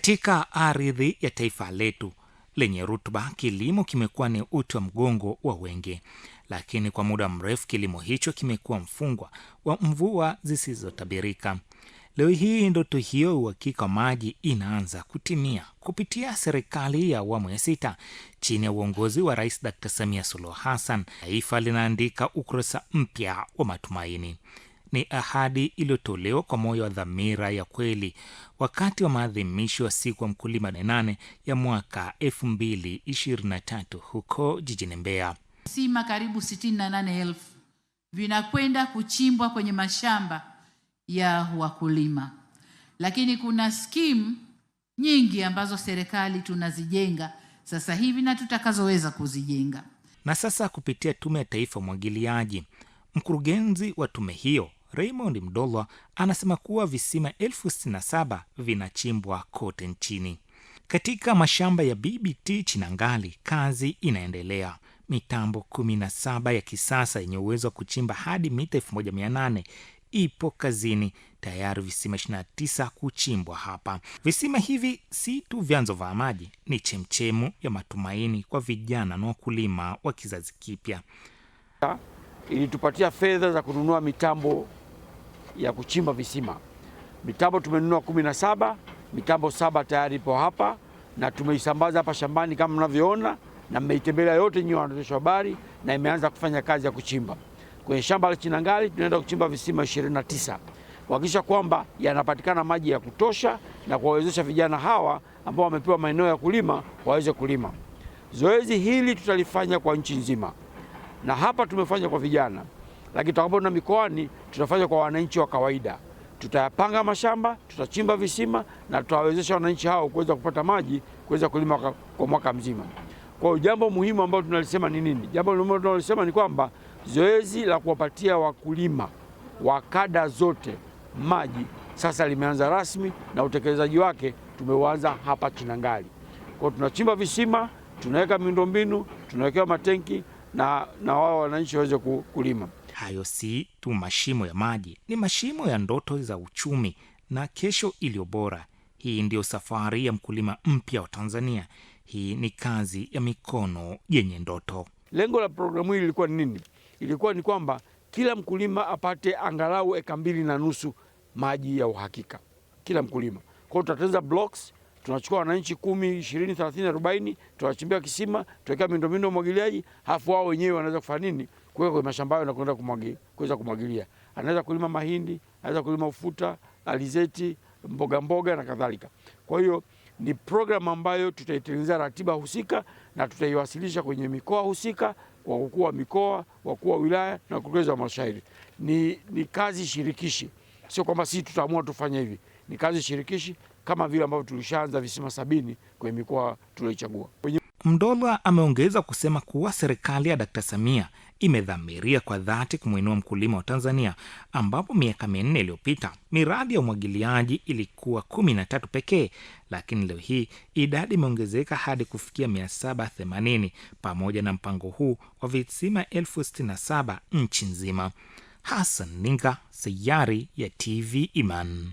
katika ardhi ya taifa letu lenye rutuba kilimo kimekuwa ni uti wa mgongo wa wengi lakini kwa muda mrefu kilimo hicho kimekuwa mfungwa wa mvua zisizotabirika leo hii ndoto hiyo uhakika wa maji inaanza kutimia kupitia serikali ya awamu ya sita chini ya uongozi wa rais dkt samia suluhu hassan taifa linaandika ukurasa mpya wa matumaini ni ahadi iliyotolewa kwa moyo wa dhamira ya kweli wakati wa maadhimisho ya siku ya mkulima nane ya mwaka 223 huko jijini Mbeya. sima karibu 68 vinakwenda kuchimbwa kwenye mashamba ya wakulima, lakini kuna skimu nyingi ambazo serikali tunazijenga sasa hivi na tutakazoweza kuzijenga. Na sasa kupitia Tume ya Taifa umwagiliaji, mkurugenzi wa tume hiyo Raymond Mdolwa anasema kuwa visima elfu sitini na saba vinachimbwa kote nchini. Katika mashamba ya BBT Chinangali kazi inaendelea. Mitambo 17 ya kisasa yenye uwezo wa kuchimba hadi mita 1800 ipo kazini tayari, visima 29 kuchimbwa hapa. Visima hivi si tu vyanzo vya maji, ni chemchemu ya matumaini kwa vijana na wakulima wa kizazi kipya. Ilitupatia fedha za kununua mitambo ya kuchimba visima. Mitambo tumenunua kumi na saba, mitambo saba tayari ipo hapa na tumeisambaza hapa shambani kama mnavyoona, na mmeitembelea yote nyinyi waandishi wa habari, na imeanza kufanya kazi ya kuchimba. Kwenye shamba la Chinangali tunaenda kuchimba visima 29 kuhakikisha kwamba yanapatikana maji ya kutosha na kuwawezesha vijana hawa ambao wamepewa maeneo ya kulima waweze kulima. Zoezi hili tutalifanya kwa nchi nzima, na hapa tumefanya kwa vijana lakini tutakapoenda mikoani tutafanya kwa wananchi wa kawaida. Tutayapanga mashamba, tutachimba visima na tutawawezesha wananchi hao kuweza kupata maji kuweza kulima kwa mwaka mzima. Kwa hiyo jambo muhimu ambalo tunalisema ni nini? Jambo muhimu tunalisema ni kwamba zoezi la kuwapatia wakulima wa kada zote maji sasa limeanza rasmi na utekelezaji wake tumeuanza hapa Chinangali. Kwa hiyo tunachimba visima, tunaweka miundombinu, tunawekea matenki na, na wao wananchi waweze kulima hayo si tu mashimo ya maji, ni mashimo ya ndoto za uchumi na kesho iliyo bora. Hii ndiyo safari ya mkulima mpya wa Tanzania. Hii ni kazi ya mikono yenye ndoto. Lengo la programu hii ilikuwa ni nini? Ilikuwa ni kwamba kila mkulima apate angalau eka mbili na nusu maji ya uhakika, kila mkulima. Kwa hiyo tutatenza blocks, tunachukua wananchi kumi, ishirini, thelathini, arobaini, tunachimbia kisima, tuwekea miundombinu ya umwagiliaji, halafu wao wenyewe wanaweza kufanya nini kwa hiyo mashamba hayo nakwenda kuweza kumwagilia, anaweza kulima mahindi, anaweza kulima ufuta, alizeti, mboga mboga na kadhalika. Kwa hiyo ni programu ambayo tutaitengeneza ratiba husika na tutaiwasilisha kwenye mikoa husika kwa wakuu wa mikoa, wakuu wa wilaya na wakurugenzi wa halmashauri. Ni, ni kazi shirikishi, sio kwamba sisi tutaamua tufanye hivi. Ni kazi shirikishi kama vile ambavyo tulishaanza visima sabini kwenye mikoa tulioichagua. Mdola ameongeza kusema kuwa serikali ya Dkt. Samia imedhamiria kwa dhati kumwinua mkulima wa Tanzania, ambapo miaka minne iliyopita miradi ya umwagiliaji ilikuwa kumi na tatu pekee, lakini leo hii idadi imeongezeka hadi kufikia mia saba themanini pamoja na mpango huu wa visima elfu sitini na saba nchi nzima. Hassan Ninga, sayari ya TV Iman.